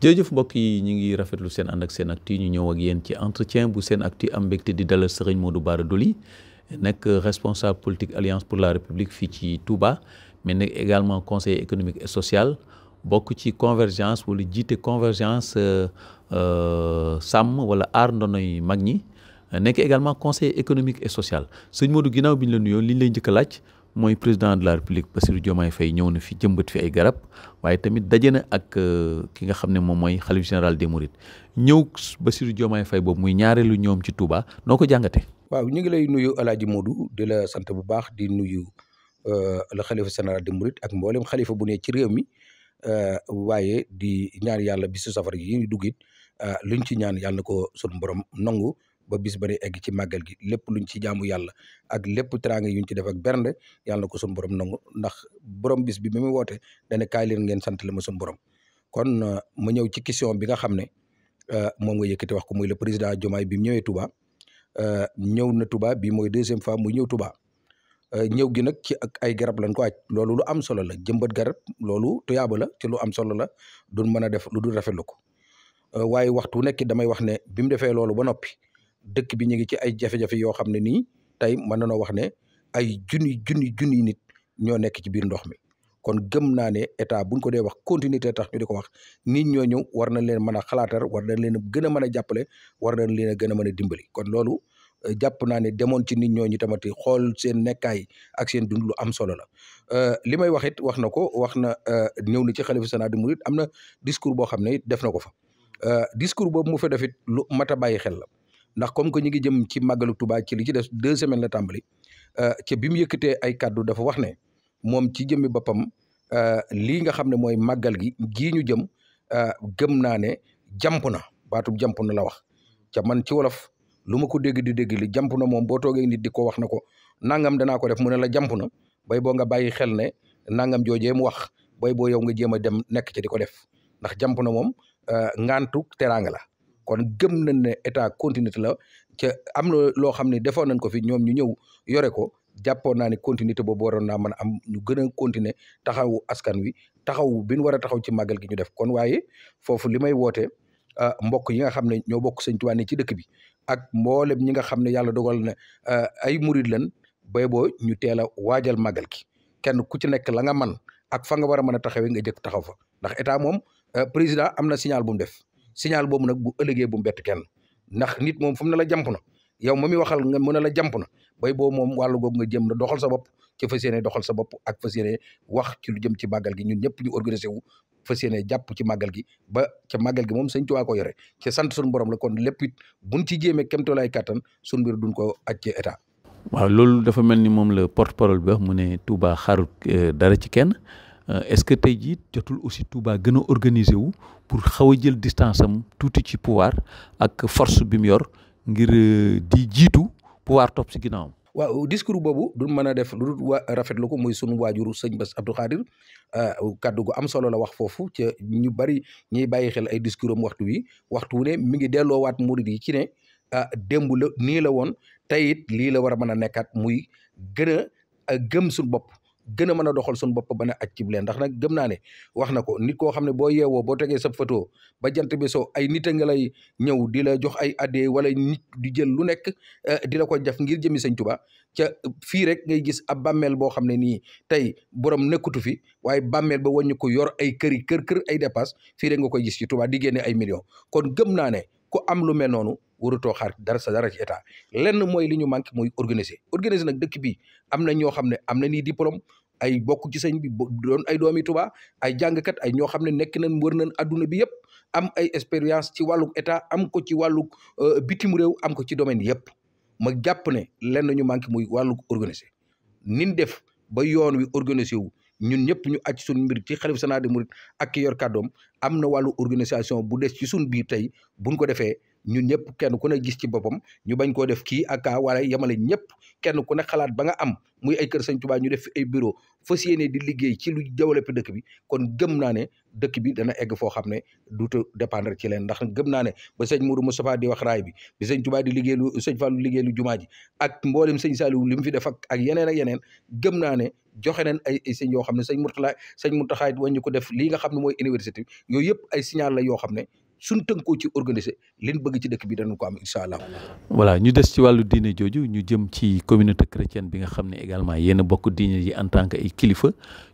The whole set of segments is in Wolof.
jërëjëf mbokk yi ñu ngi rafetlu seen ànd ak seen actu ñu ñëw ak yéen ci entretien bu seen actu am mbégte di dalal sëriñ Modou Bara Dolly nekk responsable politique alliance pour la république fii ci Touba mais nekk également conseil économique et social bokk ci convergence wala jiite convergence euh, euh, sàmm wala aar ndonoy mag ñi nekk également conseil économique et social sëñ Modou ginnaaw bi ñu la nuyoo li ñu lay njëkk laaj. mooy président de la république Bassirou Diomaye fay ñëw na fi jëmbat fi ay garab waaye tamit daje na ak euh, ki nga xam ne moom mooy xalif général des Mourides ñëw Bassirou Diomaye fay boobu muy ñaareelu ñoom ci Touba noo ko jàngatee. waaw ñu ngi lay nuyu El Hadj du di la sant bu baax di nuyu euh, le xalifa général des ak mbooleem xalifa bu ne ci réew mi euh, waaye di ñaan yàlla bisu safar yii ñu duggit luñ ci ñaan yàlla na ko sunu borom nangu. ba bis ba egg ci màggal gi lépp luñ ci jaamu yàlla ak lépp teraanga yuñ ci def ak bernde yàlla na ko suñu borom nangu ndax borom bis bi bi mu woote dane ka leen ngeen sant la ma suñu borom kon euh, ma ñëw ci question bi nga xam ne euh, moom nga yëkkati wax ko muy la président Diomaye bi mu ñëwee Touba euh, ñëw na Touba bi mooy deuxième fois muy ñëw Touba ñëw gi nag ci ak ay garab lañ ko aj loolu lu am solo la jëmbat garab loolu tuyaaba la ci lu am solo la duñ mën a def lu dul rafetlu ko waaye waxtu nekk damay wax ne bi mu defee loolu ba noppi dëkk bi ñu ngi ci ay jafe-jafe yoo xam ne nii tey mën na noo wax ne ay junni junni junni nit ñoo nekk ci biir ndox mi kon gëm naa ne état buñ ko dee wax continuité tax ñu di ko wax nit ñooñu war na leen mën a xalaatar war nañ leen gën a mën a jàppale war nañ leen a gën a mën a dimbali kon loolu euh, jàpp naa ne demoon ci nit ñooñu tamati xool seen nekkaay ak seen dund lu am solo la euh, li may wax it wax na ko wax na euh, ñëw na ci xalifa sanaa di am na discours boo xam ne it def na ko fa discours boobu mu fa def it lu mat a bàyyi xel la ndax comme que ñu ngi jëm ci màggalu Tuubaa ci li ci des deux semaines la tàmbali euh, ca bi mu yëkkatee ay kàddu dafa wax ne moom ci jëmmi boppam euh, lii nga xam ne mooy màggal gi gii ñu jëm euh, gëm naa ne jàmp na baatub jàmp na la wax ca man ci wolof lu ma ko dégg di dégg li jàmp na moom boo toogee nit di ko wax na ko nangam danaa ko def mu ne la jàmp na bay boo nga bàyyi xel ne nangam joojee mu wax bay boo yow nga jéem a dem nekk ci di ko def ndax jàmp na moom ngantu teraanga la kon gëm nañ ne état continuité la ca am na loo xam ne defoon nañ ko fi ñoom ñu ñëw yore ko jàppoon naa ne continuité boobu waroon naa mën a am ñu gën a continuer taxawu askan wi taxawu bi ñu war a taxaw ci màggal gi ñu def kon waaye foofu li may woote ah, mbokk yi nga xam ne ñoo bokk Sëñ Tuubaa ne ci dëkk bi ak mboolem ñi nga xam ne yàlla dogal na ah, ay murid lan bay boo ñu teel a waajal màggal gi kenn ku ci nekk la nga man ak fa nga war a mën a taxawee nga jeg taxaw fa ndax état moom ah, président am na signal bu mu def signal boobu nag bu ëllëgee bu mbett kenn ndax nit moom fu mu ne la jàmp na yow moom mi waxal nga mën a la jàmp na bay boobu moom wàllu googu nga jëm na doxal sa bopp ci fas yéene doxal sa bopp ak fas yéene wax ci lu jëm ci màggal gi ñun ñëpp ñu organisé wu fas yéene jàpp ci màggal gi ba ca màggal gi moom sañ Tuubaa ko yore ci sant suñu borom la kon lépp it buñ ci jéemee kémtolaay kàttan suñu mbir duñ ko aj ci waaw loolu dafa mel ni moom la porte parole bi wax mu ne Touba xaarut eh, dara ci kenn euh, est-ce que tey jii jotul aussi Touba gën a organiser wu pour xaw a jël distance am tuuti ci pouvoir ak force bi mu yor ngir euh, di jiitu pouvoir top si ginnaawam. waaw discours boobu du mën a def lu rafetlu ko muy sunu waajuru sëñ Bass Abdou Khadir euh, kaddu gu am solo la wax foofu ca ñu bari ñuy bàyyi xel ay discours waxtu wi waxtu wu ne mi ngi delloowaat murid yi ci ne ah démb la nii la woon tey it lii la war a mën a nekkaat muy gën a gëm suñu bopp. gën a mën a doxal suñu bopp ba ne ak cib leen ndax nag gëm naa ne wax na ko nit koo xam ne boo yeewoo boo tegee sa photo ba jant bi soo ay nit a nga lay ñëw di la jox ay addee wala nit di jël lu nekk eh, di ko jaf ngir jëmi sëñ Tuubaa ca fii rek ngay gis ab bàmmeel boo xam ne nii tey borom nekkutu fi waaye bàmmeel ba wàññi ko yor ay këri kër kër ay dépasse fii rek nga koy gis ci Tuubaa di génne ay millions kon gëm naa ne ku am lu mel noonu warutoo xaar dara sa dara ci lenn mooy li ñu manqué mooy organiser organiser nag dëkk bi am na ñoo xam ne am na nii diplôme ay bokk ci sëñ bi doon ay doomi Tuubaa ay jàngkat ay ñoo xam ne nekk nañ wër nañ adduna bi yëpp am ay expérience ci wàlluk état am ko ci wàlluk euh, bitim réew am ko ci domaine yëpp ma jàpp ne lenn ñu manqué muy wàlluk organisé nin def ba yoon wi organisé wu ñun ñëpp ñu àcc suñu mbir ci xalif sanaa di murit ak ki yor kàddoom am na wàllu organisation bu des ci sun biir tey buñ ko defee ñun ñëpp kenn ku ne gis ci boppam ñu bañ koo def kii ak kaa wala yemale ñëpp kenn ku ne xalaat ba nga am muy ay kër Sëñ Tuubaa ñu def ay bureau fas yéene di liggéey ci lu développé dëkk bi kon gëm naa ne dëkk bi dana egg foo xam ne duuta dépendre ci leen ndax gëm naa ne ba sëñ Mourou Moustapha di wax raay bi bi sëñ Tuubaa di liggéey lu sëñ Fallou liggéey lu jumaa ji ak mboolem sëñ Saliou li mu fi def ak ak yeneen ak yeneen gëm naa ne joxe nañ ay ay sëñ yoo xam ne sëñ Mourtala sëñ Mountakha it wañ ñu ko def lii nga xam ne mooy université yooyu yëpp ay signal la yoo xam ne suñ tënkoo ci organiser leen bëgg ci dëkk bi danañ ko am incha allah. voilà ñu des ci wàllu diine jooju ñu jëm ci communauté chrétienne bi nga xam ne également yenn a bokk diine ji en tant que ay kilifa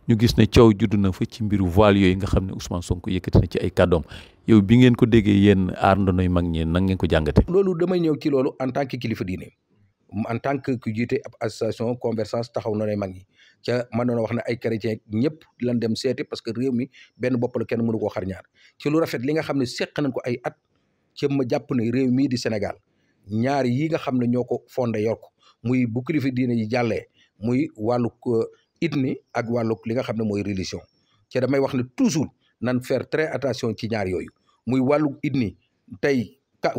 ñu gis ne coow juddu na fa ci mbiru voile yooyu nga xam ne Ousmane Sonko yëkkati na ci ay kàddoom yow bi ngeen ko déggee yéen aar ndonoy mag ñeen nan ngeen ko jàngatee. loolu damay ñëw ci loolu en tant que kilifa diine en tant que ku jiite ab association conversation taxaw ndonoy mag ñi ca ma doon wax ne ay chrétien ñëpp lan dem seeti parce que réew mi benn bopp la kenn mënu koo xar ñaar ci lu rafet li nga xam ne seq nañ ko ay at ci ma jàpp ne réew mii di Sénégal ñaar yi nga xam ne ñoo ko fondé yor muy bu kilifa diine yi jàllee muy wàllu ethnie ak wàllu li nga xam ne mooy religion ci damay wax ne toujours nan faire très attention ci ñaar yooyu muy wàllu ethnie tey ka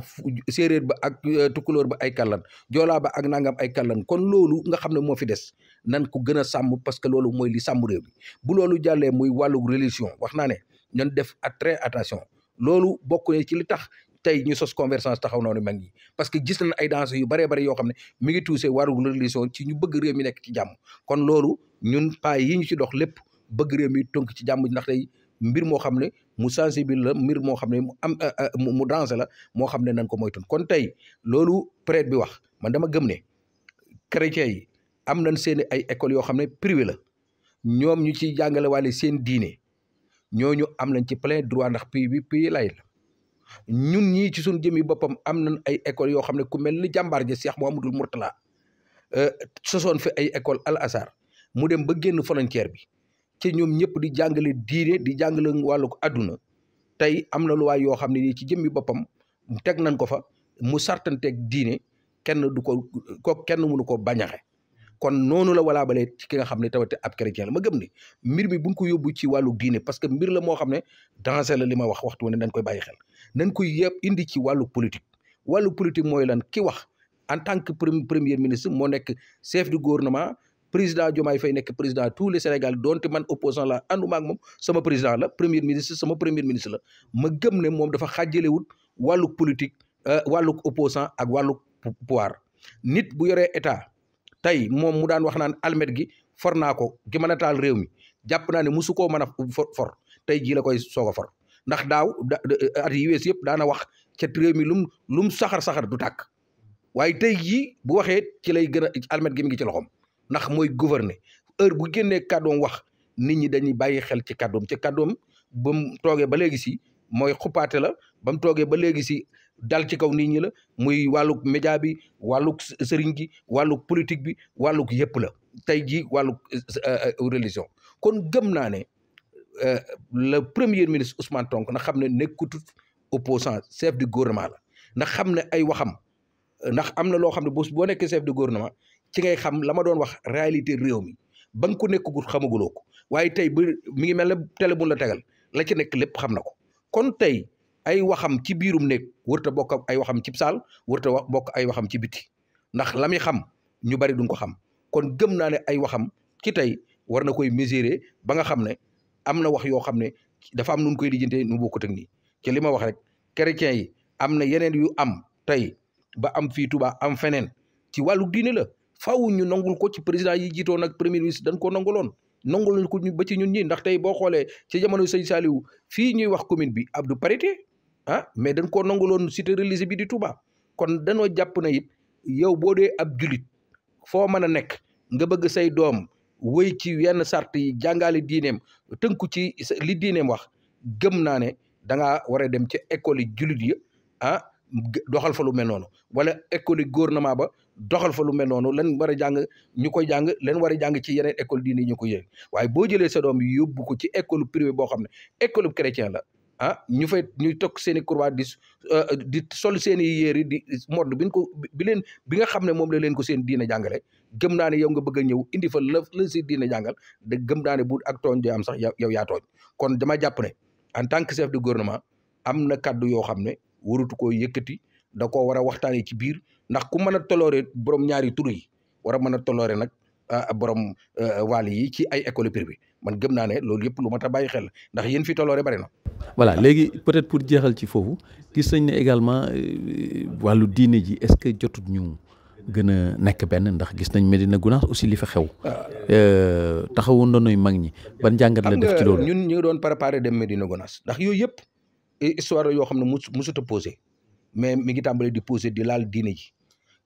séeréer ba ak couleur euh, ba ay kallan joola ba ak nangam ay kallan kon loolu nga xam ne moo fi des nan ko gën a sàmm parce que loolu mooy li sàmm réew bu loolu jàllee muy wàllu religion wax naa ne ñun def à très attention loolu bokk ne ci li tax tey ñu sos convergence taxaw noonu mag ñi parce que gis na ay danse yu baree bari yoo xam ne mi ngi tuuse wàllu religion ci ñu bëgg réew mi nekk ci jàmm kon loolu ñun paa yi ñu ci dox lépp bëgg réew tonk ci jàmm ndax tey mbir moo xam ne mu sensible la mbir moo xam ne mu am euh, euh, mu danger la moo xam ne nañ ko moytun kon tey loolu prêtre bi wax man dama gëm ne chrétiens yi am nañ seen ay écoles yoo xam ne privé la ñoom ñu ciy jàngale seen diine ñooñu am nañ ci plein droit ndax pays bi pays lay ñun ñii ci suñu jëmi boppam am nañ ay écoles yoo xam ne ku mel ni jàmbaar ja Cheikh Mouhamadoul Mourtala euh, sosoon fi ay école al azhar mu dem ba génn frontière bi ci ñoom ñëpp di jàngale diine di jàngale wàllu àdduna tey am na luwaay yoo xam ne nii ci jëmmi boppam teg nañ ko fa mu sartanteeg diine kenn du ko ko kenn mënu ko bañaxe kon noonu la walaa balee ci ki nga xam ne tawate ab chrétien la ma gëm ni mbir mi buñ ko yóbbu ci wàllu diine parce que mbir la moo xam ne danger la li ma wax waxtu wu ne dañ koy bàyyi xel nañ koy yëpp indi ci wàllu politique wàllu politique mooy lan ki wax en tant que premier ministre moo nekk chef du gouvernement président Diomaye Faye nekk président tous les Sénégal donte man opposant la ànduma ak moom sama président la premier ministre sama premier ministre la ma gëm ne moom dafa xaajalewut wàlluk politique euh, wàlluk opposant ak wàlluk pouvoir nit bu yoree etat tey moom mu daan wax naan almet gi for naa ko gi mën a taal réew mi jàpp naa ne musu koo mën a for tey jii la koy soog for ndax daaw at yi wees yëpp daana wax cet réew mi lum lum saxar saxar du tàkk waaye tey jii bu waxee ci lay gën a gi mi ngi ci loxoom ndax mooy gouverner heure bu génnee kàddoom wax nit ñi dañuy bàyyi xel ci kàddoom ci kàddoom ba mu toogee ba léegi si mooy xupaate la ba mu toogee ba léegi si dal ci kaw nit ñi la muy wàllug média bi wàllug sëriñ gi wàllug politique bi wàllug yëpp la tey jii wàllug euh, euh, religion kon gëm naa ne euh, le premier ministre Ousmane tonk na xam ne nekkutut opposant chef du gouvernement la ndax xam ne ay waxam ndax am na loo xam ne boo boo nekkee chef du gouvernement ci ngay xam la ma doon wax réalité réew mi ba nga ko nekkagul xamaguloo ko waaye tey bu mi ngi mel ne télé bu la tegal la ci nekk lépp xam na ko kon tey ay waxam ci biirum nekk wërta bokk ay waxam ci saal wërta bokk ay waxam ci biti ndax la muy xam ñu bari duñ ko xam kon gëm naa ne ay waxam ki tey war na koy mesurer ba nga xam ne am na wax yoo xam ne dafa am nun koy lijjantee nu bokkut ak nii ci li ma wax rek chrétiens yi am na yeneen yu am tey ba am fii Tuubaa am feneen ci wàllu diine la faaw ñu nangul ko ci président yi jiitoon nag premier ministre dañ ko nanguloon nangul nañ ko ba ci ñun ñi ndax boo xoolee ci jamono sëñ Saliou fii ñuy wax commune bi ab du parité ah mais dañ koo nanguloon cité religieuse bi di tuba kon dañoo jàpp na it yow boo dee ab julit foo mën a nekk nga bëgg say doom wéy ci wenn sart yi jàngale diineem tënku ci li diineem wax gëm naa ne da ngaa war a dem ci école yi julit yi ah doxal fa lu mel noonu wala école gouvernement ba doxal fa lu mel noonu leen war a jàng ñu koy jàng leen war a jàng ci yeneen école diine ñu ko yéeg waaye boo jëlee sa doom yóbbu ko ci école privée boo xam ne école chrétien la ah ñu fay ñu toog seen i croix di euh, di sol seen i yéeri di modd bi ko bi leen bi nga xam ne moom la leen ko seen diine jàngale gëm naa ne yow nga bëgg a ñëw indi fa la la si diine jàngal da gëm naa ne bu ak tooñ di am sax yow yaa kon dama jàpp ne en tant que chef de gouvernement am na kaddu yoo xam ne warutu ko yëkkati da koo war a waxtaanee ci biir ndax ku mën a toloore borom ñaari tur yi war a mën a toloore nag ah, borom ah, wàll yi ci ay école privée man gëm naa ne loolu yëpp lu mat a bàyyi xel ndax yéen fi toloore bari na. voilà léegi peut-être pour jeexal ci foofu gis nañ ne également euh, wàllu diine ji est-ce que jotut ñu. gën a nekk benn ndax gis nañ Medina Gounass aussi li fa xew. Ah. Euh, taxawoon na nuy mag ñi ban jàngat la def ci loolu. ñun ñu ngi doon préparé dem Medina Gounass ndax yooyu yëpp histoire yoo xam ne mus musut a posé mais mi ngi tàmbali di posé di laal diine ji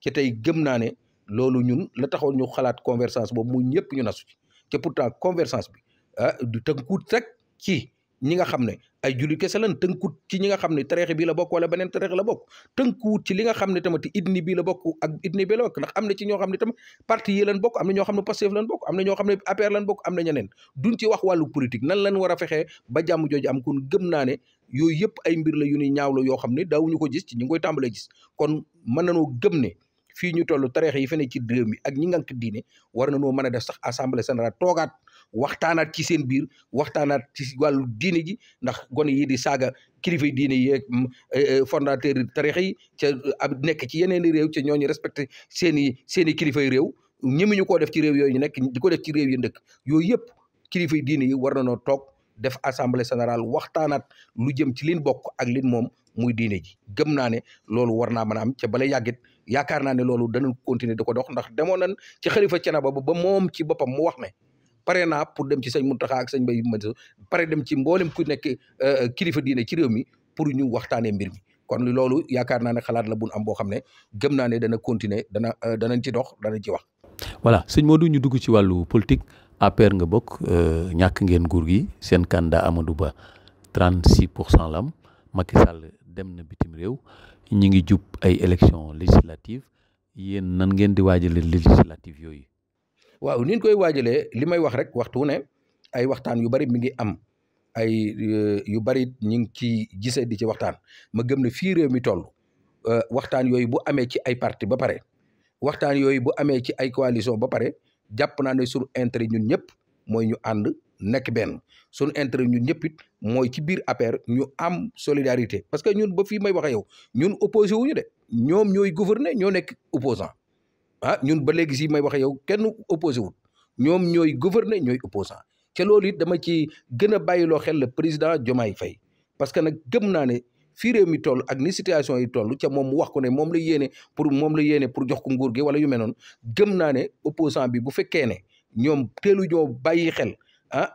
ci tey gëm naa ne loolu ñun la taxoon ñu xalaat convergence boobu mu ñëpp ñu nasu ci te pourtant convergence bi ah du tënkuut rek ci ñi nga xam ne ay jullit kese lan tënkuwut ci ñi nga xam ne tareex bii la bokk wala beneen tareex la bokk tënkuwut ci li nga xam ne tam idni bii la bokk ak idni bii la bokk am na ci ñoo ne tamit parti yi lan bokk am na ñoo xam ne Pastef lan bokk am na ñoo xam ne APR lan bokk am na ñeneen duñ ci wax wàllu politique nan lan war a fexee ba jàmm jooju am kon gëm naa yooyu yëpp ay mbir la yu ni yoo xam ne daawuñu ko gis ci ñu ngi koy tàmbalee gis kon mën nanoo gëm ne fii ñu toll tareex yi fene ci réew mi ak ñi ngànk diine war na noo mën a def sax assemblée générale toogaat waxtaanaat ci seen biir waxtaanaat ci wàllu diine ji ndax gone yi di saaga kilifa diine mm, e, e, yi ak fondateur tareex yi ca nekk ci yeneen i réew ca ñooñu respecté seen i seen i kilifay réew ñemuñu koo def ci réew yooyu ñu nekk di ko def ci réew yi ndëkk yooyu yëpp kilifay diine yi war na noo toog def assemblée générale waxtaanaat lu jëm ci liñ bokk ak liñ moom muy diine ji gëm naa ne loolu war naa mën a am ca bala yàggit yaakaar naa ne loolu danañ continuer di ko dox ndax demoon nañ ci xalifa Thiénaba ba moom ci boppam mu wax ne pare na pour dem ci sëñ Mountakha ak sëñ Baye Mandiou pare dem ci mboolem ku nekk euh, kilifa diine ci réew mi pour ñu waxtaanee mbir mi kon loolu yaakaar naa ne xalaat la bu am boo xam ne gëm naa ne dana continuer dana euh, danañ ci dox danañ ci wax. voilà sëñ Modou ñu dugg ci wàllu politique APR nga bokk euh, ñàkk ngeen guur gi seen daa amadu Ba 36 pour cent lam am Sall dem na bitim réew. ñi ngi jub ay élections législatives yéen nan ngeen di waajalee législatives yooyu. waaw ni koy waajalee li may wax rek waxtu ne ay waxtaan yu bari mi ngi am ay euh, yu bari ñu ngi ci gisee di ci waxtaan ma gëm ne fii réew mi toll euh, waxtaan yooyu bu amee ci ay parti ba pare waxtaan yooyu bu amee ci ay coalition ba pare jàpp naa ne sur intérêt ñun ñëpp mooy ñu ànd nekk benn sunu intérêt ñu ñëpp it mooy ci biir APR ñu am solidarité parce que ñun ba fii may wax yow ñun opposé wuñu de ñoom ñooy gouverner ñoo nekk opposant ah ñun ba léegi si may wax yow kenn opposé wul ñoom ñooy gouverner ñooy opposant ca loolu it dama ci gën a bàyyiloo xel le président Diomaye Faye parce que nag gëm naa ne fii réew mi toll ak ni situation yi toll ca moom mu wax ko ne moom la yéene pour moom la yéene pour jox ko nguur gi wala yu mel noon gëm naa ne opposant bi bu fekkee ne ñoom teelu ñoo bàyyi xel ah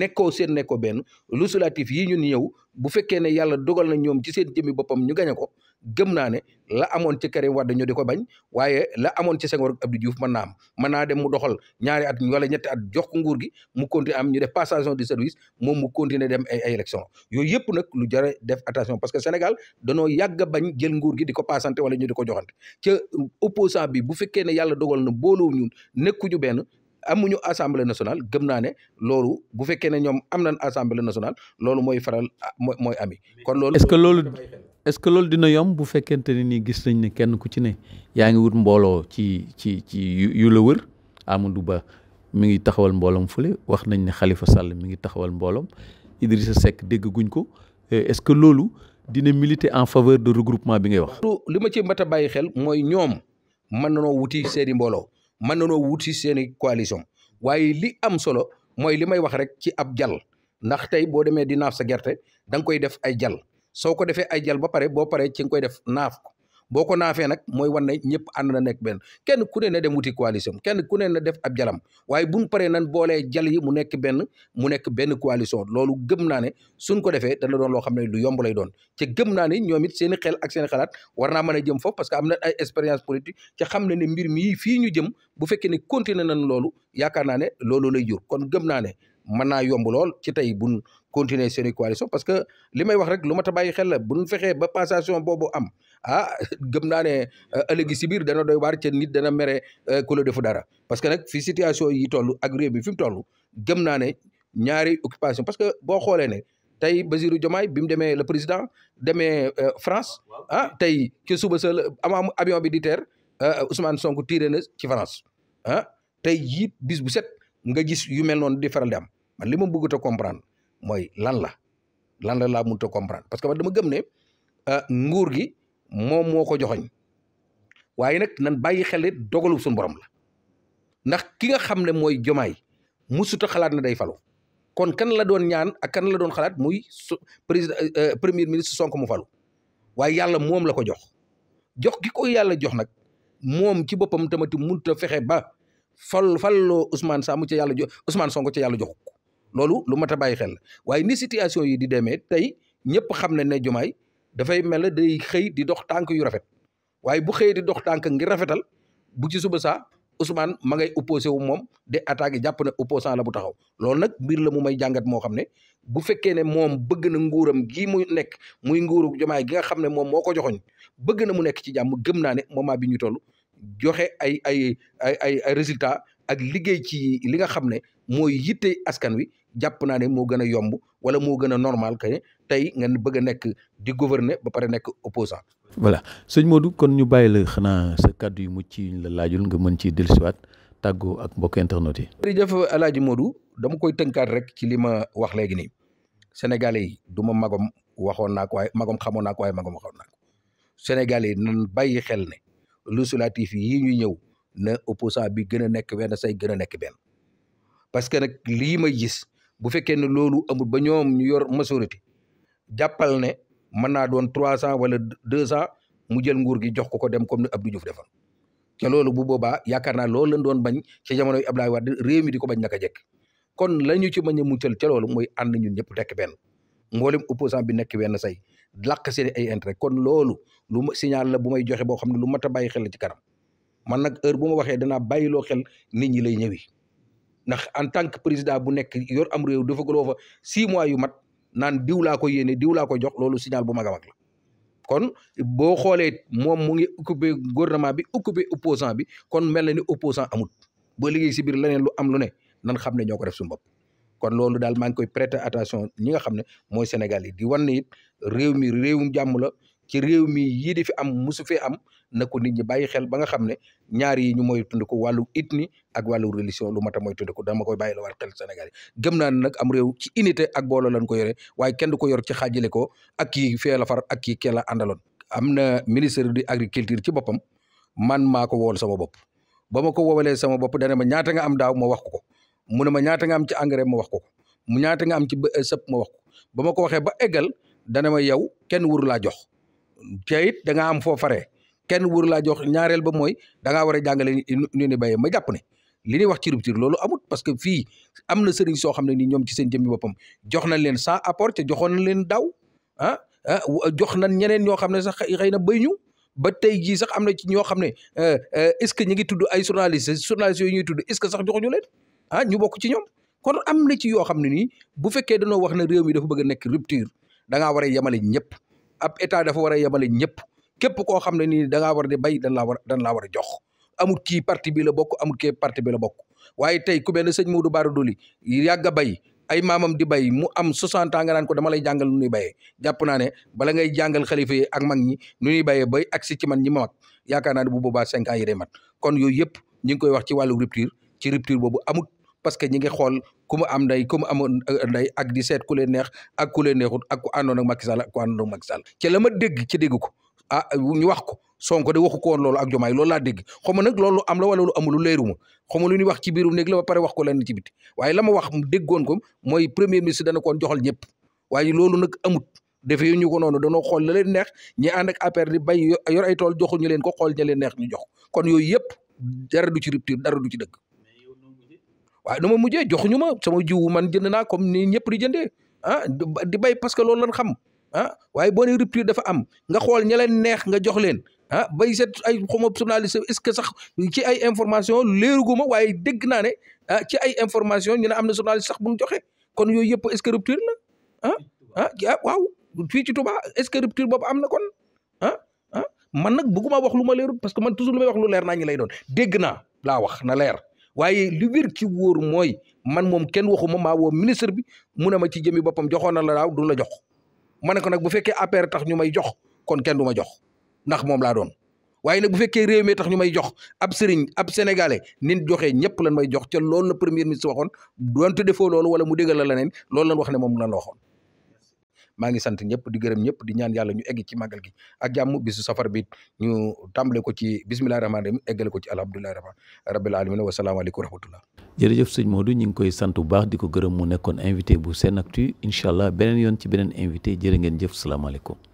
nekkoo seen nekkoo benn sulatif yi ñun ñëw bu fekkee ne yàlla dogal na ñoom ci seen jëmmi boppam ñu gañe ko gëm naa ne la amoon ci Karim Wade ñu di ko bañ waaye la amoon ci Senghor Abdou Diouf mën naa am mën naa dem mu doxal ñaari at wala ñetti at jox ko nguur gi mu continuer am ñu def passation de service moom mu continuer dem ay ay élection yooyu yëpp nag lu jar def attention parce que Sénégal danoo yàgg bañ jël nguur gi di ko passante wala ñu di ko joxante ca opposant bi bu fekkee ne yàlla dogal na booloo ñun nekkuñu benn amuñu assemblée nationale gëm naa ne loolu bu fekkee ne ñoom am nañ assemblée nationale loolu mooy faral mooy mooy ami kon loolu est-ce que loolu est-ce que loolu dina yomb bu fekkente ne nii gis nañ ne kenn ku ci ne yaa ngi wut mbooloo ci ci ci yu la wër Amadou Ba mi ngi taxawal mbooloom fële wax nañ ne Khalifa Sall mi ngi taxawal mbooloom Idrissa Seck dégg guñ ko euh, est-ce que loolu dina militer en faveur de regroupement bi ngay wax. li ma ci mbat a bàyyi xel mooy ñoom mën nanoo wuti seeni mbooloo. mën nanoo wut si seen i coalition waaye li am solo mooy li may wax rek ci ab jal ndax tey boo demee di naaf sa gerte da nga koy def ay jal soo ko defee ay jal ba pare boo paree ci nga koy def naaf ko boo ko naafee nag mooy wan ne ñëpp ànd na nekk benn kenn ku ne na dem wuti coalition kenn ku ne na def ab jalam waaye buñ paree nan boolee jal yi mu nekk benn mu nekk benn coalition loolu gëm naa ne suñ ko defee dana doon loo xam ne lu yomb lay doon ci gëm naa ne ñoom it seen i xel ak seen xalaat war naa mën a jëm foofu parce que am na ay expérience politique ci xam ne mbir mi fii ñu jëm bu fekkee ne continuer nañ loolu yaakaar naa ne loolu lay jur kon gëm naa ne mën naa yomb lool ci tey buñ continuer seen coalition parce que li may wax rek lu ma ta bàyyi xel la buñ fexee ba passation boobu am ah gëm naa ne euh, ëllëgi si biir dana doy waar ca nit dana mere euh, ku la defu dara parce que nag fi situation yi toll ak bi fi mu toll gëm naa ne ñaari occupation parce que boo xoolee ne tey Basirou Diomaye bi mu demee le président demee euh, France ah tey ci suba sa ama avion bi di teer Ousmane Sonko tiré na ci France ah tey jiit bis bu set nga gis yu mel noonu di faral di am man li ma bëggut a comprendre mooy lan la lan la laa mënut a comprendre parce que man dama gëm ne nguur gi moom moo ko joxoñ waaye nag nan bàyyi xel dogalu suñu borom la ndax ki nga xam ne mooy jomaay musuta xalaat na day falo kon kan la doon ñaan ak kan la doon xalaat muy su président euh, premier ministre Sonko mu falo waaye yàlla moom la ko jox jox gi ko yàlla jox nag moom ci boppam tamati mënut a fexe ba fal falloo Ousmane Saamu ca yàlla jox Ousmane Sonko ca yàlla jox loolu lu mat a bàyyi xel la waaye ni situation yi di demee tey ñëpp xam ne ne jomaay dafay mel ne day xëy di dox tànk yu rafet waaye bu xëyee di dox tànk ngir rafetal bu ci suba saa Ousmane ma ngay opposé wu moom de attaque jàpp na opposant la bu taxaw loolu nag mbir la mu may jàngat moo xam ne bu fekkee ne moom bëgg na nguuram gii muy nekk muy nguuru jomaay gi nga xam ne moom moo ko joxoñ bëgg na mu nekk ci jàmm gëm naa ne moment bi ñu toll joxe ay ay ay ay résultat ak liggéey ci li nga xam ne mooy yitte askan wi jàpp naa ne moo gën a yomb wala moo gën a normal que tey nga bëgg nekk di gouverner ba pare nekk opposant voilà sëñ Modou kon ñu bàyyi la xanaa sa kàddu yu mucc yi la laajul nga mën ci dellusiwaat tàggoo ak mbokk internet yi. jërëjëf El Hadj Modou dama koy tënkaat rek ci li ma wax léegi nii Sénégalais yi du ma magom waxoon naa ko waaye magom xamoon naa ko waaye magom waxoon naa ko Sénégalais yi nan bàyyi xel ne lu législatif yi ñuy ñëw na opposant bi gën a nekk benn say gën a nekk benn parce que nag lii bu fekkee ne loolu amul ba ñoom ñu yor majorité jàppal ne mën naa doon trois cent wala deux cent mu jël nguur gi jox ko ko dem comme ni Abdou Diouf defal te loolu bu boobaa yaakaar naa loolu lañ doon bañ ci jamono yi Abdoulaye Wade réew mi di ko bañ na ka jekk kon la ñu ci mën a muccal ca loolu mooy ànd ñun ñëpp nekk benn mboolem opposant bi nekk benn say làq seen ay intérêt kon loolu lu ma signal la bu may joxe boo xam ne lu mat a bàyyi xel la ci kanam man nag heure bu ma waxee danaa bàyyiloo xel nit ñi lay ñëwi ndax en tant que président bu nekk yor am réew dafa guloo fa six mois yu mat naan diw laa ko yéene diw laa ko jox loolu signal bu mag a la kon boo xoolee moom mu ngi occupé gouvernement bi occupé opposant bi kon mel na ni opposant amut boo liggéey si biir leneen lu am lu ne nan xam ne ñoo ko def suñu bopp kon loolu daal maa ngi koy prêter attention ñi nga xam ne mooy Sénégal yi di wan ne it réew mi réewum jàmm la ci réew mi yii di fi am musu fee am na ko nit ñi bàyyi xel ba nga xam ne ñaar yi ñu mooy tund ko wàllu ethnie ak wàllu religion lu mat a mooy tund ko dama koy bàyyi la war xel Sénégal yi gëm nag am réew ci unité ak booloo lañ ko yore waaye kenn du ko yor ci xaajale ko ak kii fee la far ak kii kee la àndaloon am na ministère de agriculture ci boppam man maa ko wool sama bopp ba ma ko woowalee sama bopp dana ma ñaata nga am daaw ma wax koko ko mu ma ñaata nga am ci engrais ma wax ko ko mu ñaata nga am ci sëpp ma wax ko ba ma ko waxee ba eggal dana ma yow kenn waru jox te it da am foo fare kenn wóor laa jox ñaareel ba mooy da ngaa war a jàngale ñu ni béyee ma jàpp ne li ñuy wax ci rupture loolu amut parce que fii am na sëriñ soo ne ni ñoom ci seen jëmmi boppam jox nañ leen sans apport joxoon nañ leen daw ah, ah jox nañ ñeneen ñoo xam ne sax xëy na béy ñu ba tey jii sax am na ci ñoo xam ne euh, euh, est-ce que ñu ngi tudd ay journalistes journalistes yooyu ñuy tudd est-ce que sax joxuñu leen ah ñu bokk ci ñoom kon am na ci yoo xam ne nii bu fekkee dañoo wax ne réew mi dafa bëgg a nekk rupture da ngaa war a yemale ñëpp ab état dafa war a yemale ñëpp képp koo xam ne ni da ngaa war di bay dan laa war dan laa war a jox amul kii parti bi la bokk amul kii parti bi la bokk waaye tey ku mel ne sëñ Modou Bara Dolly yàgg a bay ay maamam di bay mu am 60 ans nga naan ko dama lay jàngal nu ñuy baye jàpp naa ne bala ngay jàngal xalifa yi ak mag ñi nu ñuy bayee bay agsi ci man ñi ma mag yaakaar naa ne bu boobaa cinq ans yi day mat kon yooyu yëpp ñu ngi koy wax ci wàllu rupture ci rupture boobu amut parce que ñi ngi xool ku am nday ku mu amoon euh, nday ak di seet ku leen neex ak ku leen neexut ak ku àndoon ak Macky Sall ak ku àndoon ak Macky Sall ko ah ñu wax ko Sonko de waxu ko woon loolu ak Jomaay loolu laa dégg xaw ma nag loolu am la wala lu amul lu leeruma xaw ma lu ñuy wax ci biirum néeg la ba pare wax ko lenn ci biti waaye la ma wax déggoon ko mooy premier ministre dana koon joxal ñëpp waaye loolu nag amut defee ñu ko noonu danoo xool la neex ñi ànd ak APR di bay yor ay tool joxuñu leen ko xool ña leen neex ñu jox kon yooyu yëpp dara du dara du ci dëgg waaye nu ma mujjee joxuñu ma sama jiwu man jënd naa comme ni ñëpp di jëndee ah di bay parce que loolu lañ xam ah, waaye boo nee dafa am nga xool ña leen neex nga jox leen ah bay set ay na journaliste est-ce que sax ci ay information léeruguma waaye dégg naa ne ah, ci ay information ñu ne am na journaliste sax bu ñu joxe kon yooyu yëpp est-ce que rupture la ah ah, ah waaw fii ci Touba est-ce que boobu am na kon ah ah man nag bëgguma wax lu ma leerul parce que man toujours lu may lu leer naa ñu lay doon dégg naa laa wax na leer waaye li wér ci wóor mooy man moom kenn waxuma maa woo ministre bi mu ne ma ci jëmi boppam joxoon na la daaw du la jox ma ne ko nag bu fekkee APR tax ñu may jox kon kenn du ma jox ndax moom laa doon waaye nag bu fekkee réew mi tax ñu may jox ab sëriñ ab sénégalais nin joxe ñëpp lan may jox ca loolu la premier ministre waxoon doonte defoo loolu wala mu déggal la leneen loolu lan wax ne moom lan la waxoon maa ngi sant ñëpp di gërëm ñëpp di ñaan yàlla ñu egg ci màggal gi ak jàmm bisu safar bi ñu tàmbale ko ci bismillahi rahmaani rahim eggale ko ci alhamdulillahi rabbil alamin wa salaamu aleykum wa rahmatullah jërëjëf sëñ Modou ñu ngi koy sant bu baax di ko gërëm mu nekkoon invité bu Senactu incha allah beneen yoon ci beneen invité jërë ngeen jëf salaamaaleykum